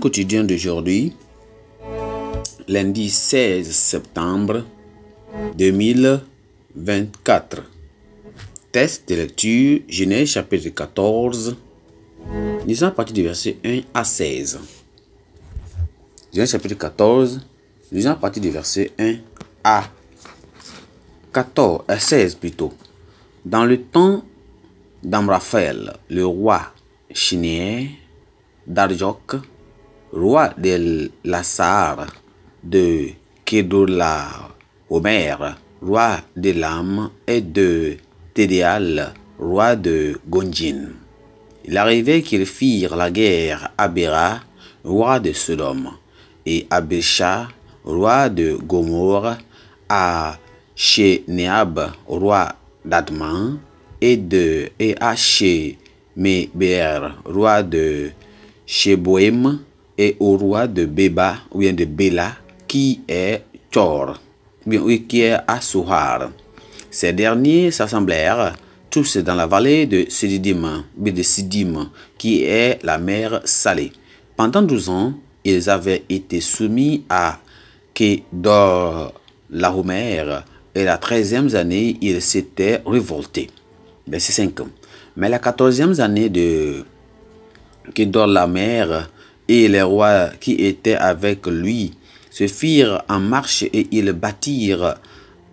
quotidien d'aujourd'hui, lundi 16 septembre 2024. Test de lecture, Genèse chapitre 14, lisant à partir du verset 1 à 16. Genèse chapitre 14, lisant à partir du verset 1 à 14, à 16 plutôt. Dans le temps d'Amraphel, le roi chinéen, d'Arjoc, roi de Lassar, de Kedula, Omer, roi de l'Am et de Tédéal, roi de Gonjin. Il arrivait qu'ils firent la guerre à Béra, roi de Sodome, et à Bécha, roi de Gomorre, à Che-Neab, roi d'Adman, et, de, et à roi de Sheboim, et au roi de Béba, ou bien de Béla, qui est Thor, oui, qui est Asuhar. Ces derniers s'assemblèrent tous dans la vallée de Sidim, de Sidim, qui est la mer Salée. Pendant douze ans, ils avaient été soumis à Kedor la Homère, et la treizième année, ils s'étaient révoltés. cinq 5. Mais la quatorzième année de Kedor la mer, et les rois qui étaient avec lui se firent en marche et ils bâtirent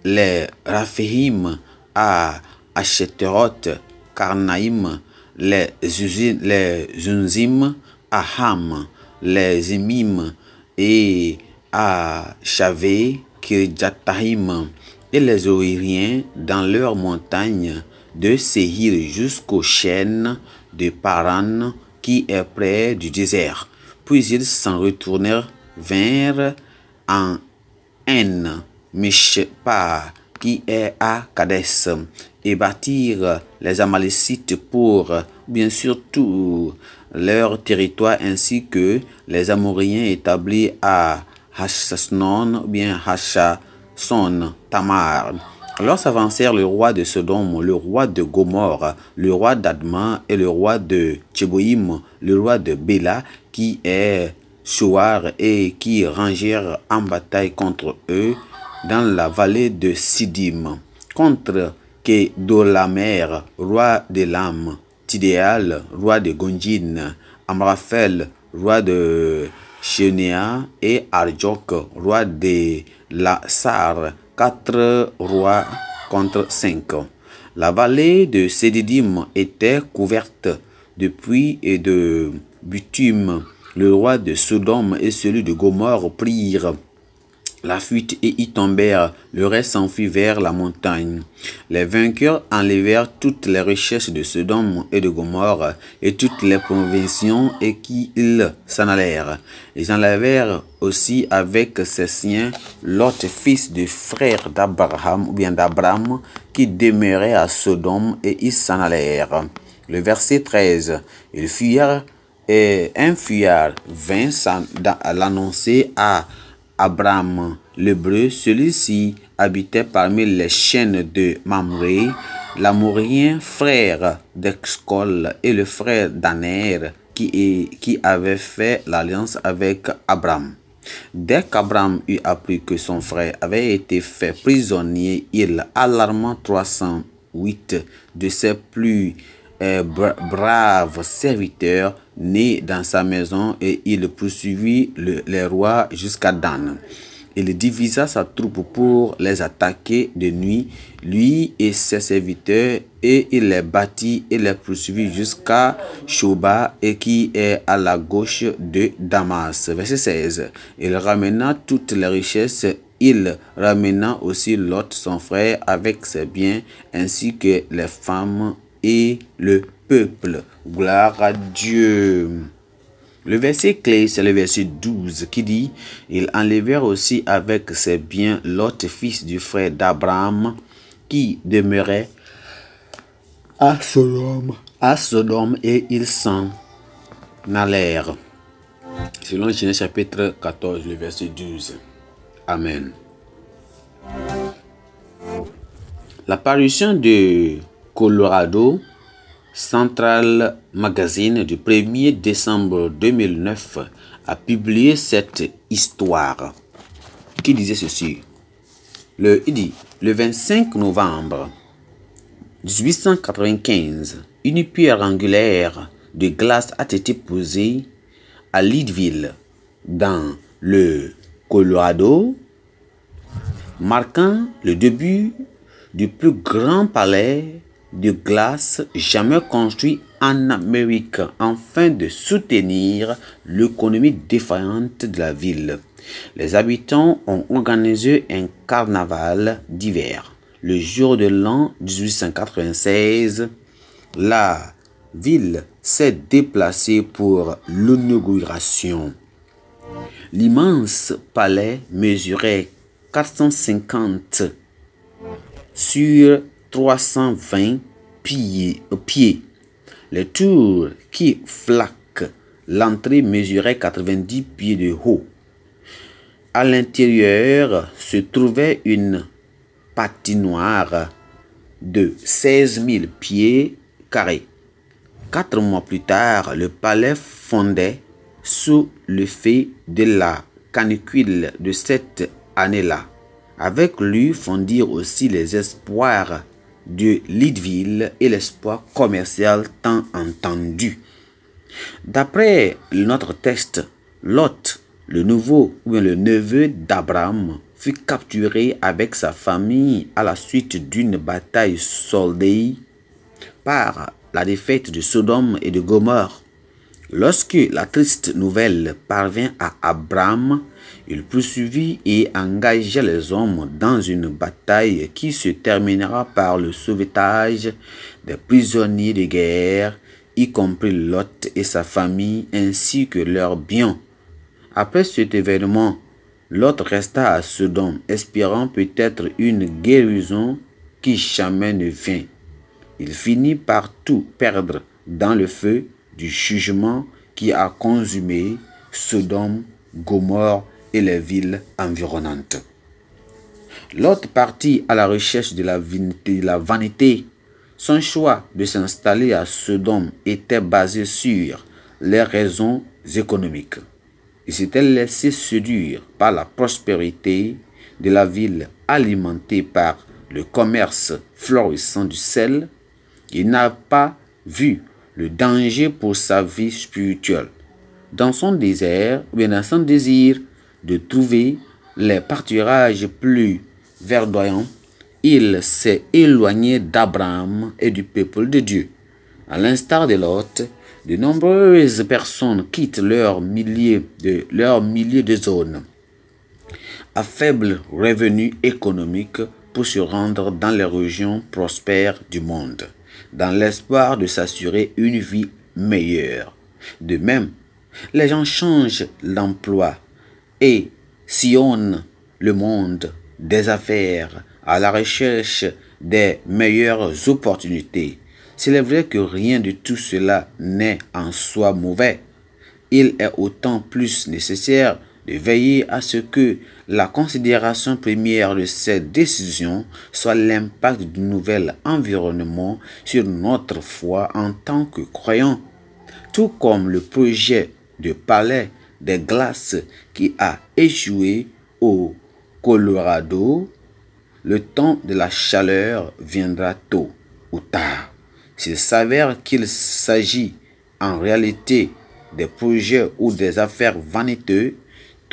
les Raphaïm à Acheteroth, Karnaïm, les, Zunzim, les à Ham, les Emim et à qui Kirjatahim, et les Oiriens dans leurs montagnes de Séhir jusqu'aux chêne de Paran qui est près du désert. Puis ils s'en retournèrent vers en haine, qui est à Kadesh, et bâtirent les Amalécites pour, bien sûr, tout leur territoire ainsi que les Amoriens établis à ou bien Hachason, Tamar. Alors s'avancèrent le roi de Sodome, le roi de Gomorre, le roi d'Adma et le roi de Tchéboïm, le roi de Béla qui est Shoar et qui rangèrent en bataille contre eux dans la vallée de Sidim, contre Kedolamer, roi de l'âme, Tidéal, roi de Gonjin, Amraphel, roi de Chénéa et Arjok, roi de la Sar. quatre rois contre cinq. La vallée de Siddim était couverte de depuis et de Butume, le roi de Sodome et celui de Gomorre prirent la fuite et y tombèrent. Le reste s'enfuit vers la montagne. Les vainqueurs enlevèrent toutes les richesses de Sodome et de Gomorre et toutes les provisions et qu'ils s'en allèrent. Ils enlevèrent aussi avec ses siens l'autre fils du frère d'Abraham ou bien d'Abraham qui demeurait à Sodome et ils s'en allèrent. Le verset 13. Ils fuirent et un fuyard vint l'annoncer à Abraham le Breu, Celui-ci habitait parmi les chaînes de Mamré, l'Amourien, frère d'Excol et le frère d'Aner, qui, qui avait fait l'alliance avec Abraham. Dès qu'Abraham eut appris que son frère avait été fait prisonnier, il alarma 308 de ses plus euh, brave serviteur né dans sa maison et il poursuivit les rois jusqu'à Dan. Il divisa sa troupe pour les attaquer de nuit, lui et ses serviteurs, et il les battit et les poursuivit jusqu'à Shoba, et qui est à la gauche de Damas. Verset 16. Il ramena toutes les richesses il ramena aussi Lot, son frère, avec ses biens, ainsi que les femmes et le peuple. Gloire à Dieu. Le verset clé, c'est le verset 12 qui dit, « Ils enlevèrent aussi avec ses biens l'autre fils du frère d'Abraham qui demeurait à Sodome. à Sodome et ils s'en allèrent. » Selon Genèse chapitre 14, le verset 12. Amen. L'apparition de Colorado Central Magazine du 1er décembre 2009 a publié cette histoire qui disait ceci. Le, dit, le 25 novembre 1895, une pierre angulaire de glace a été posée à Leadville, dans le Colorado, marquant le début du plus grand palais de glace jamais construit en Amérique afin de soutenir l'économie défaillante de la ville. Les habitants ont organisé un carnaval d'hiver. Le jour de l'an 1896, la ville s'est déplacée pour l'inauguration. L'immense palais mesurait 450 sur 320 pieds. Les tours qui flaquent l'entrée mesurait 90 pieds de haut. À l'intérieur se trouvait une patinoire de 16 000 pieds carrés. Quatre mois plus tard, le palais fondait sous le fait de la canicule de cette année-là. Avec lui fondirent aussi les espoirs de Lidville et l'espoir commercial tant entendu. D'après notre texte, Lot, le nouveau ou le neveu d'Abraham, fut capturé avec sa famille à la suite d'une bataille soldée par la défaite de Sodome et de Gomorre. Lorsque la triste nouvelle parvint à Abraham, il poursuivit et engagea les hommes dans une bataille qui se terminera par le sauvetage des prisonniers de guerre, y compris Lot et sa famille ainsi que leurs biens. Après cet événement, Lot resta à Sodome, espérant peut-être une guérison qui jamais ne vint. Il finit par tout perdre dans le feu du jugement qui a consumé Sodome, Gomorre et les villes environnantes. L'autre partie à la recherche de la, vanité, la vanité. Son choix de s'installer à Sodome était basé sur les raisons économiques. Il s'était laissé séduire par la prospérité de la ville alimentée par le commerce florissant du sel. Il n'a pas vu le danger pour sa vie spirituelle, dans son désert ou bien dans son désir de trouver les pâturages plus verdoyants, il s'est éloigné d'Abraham et du peuple de Dieu. À l'instar de Lot, de nombreuses personnes quittent leurs milliers de zones à faible revenu économique pour se rendre dans les régions prospères du monde dans l'espoir de s'assurer une vie meilleure. De même, les gens changent d'emploi et sillonnent le monde des affaires à la recherche des meilleures opportunités. S'il vrai que rien de tout cela n'est en soi mauvais, il est autant plus nécessaire de veiller à ce que la considération première de cette décision soit l'impact du nouvel environnement sur notre foi en tant que croyants, tout comme le projet de palais des glaces qui a échoué au Colorado, le temps de la chaleur viendra tôt ou tard. S'il s'avère qu'il s'agit en réalité des projets ou des affaires vaniteux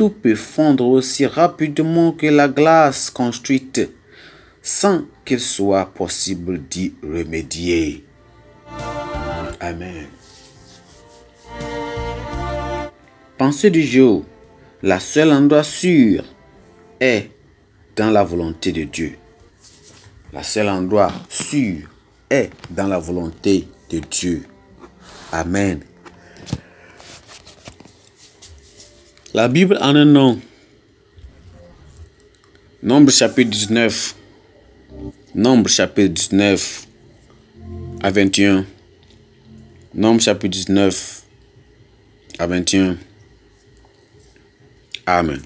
tout peut fondre aussi rapidement que la glace construite, sans qu'il soit possible d'y remédier. Amen. Pensez du jour. La seule endroit sûr est dans la volonté de Dieu. La seule endroit sûr est dans la volonté de Dieu. Amen. La Bible en un nom. Nombre chapitre 19. Nombre chapitre 19 à 21. Nombre chapitre 19 à 21. Amen.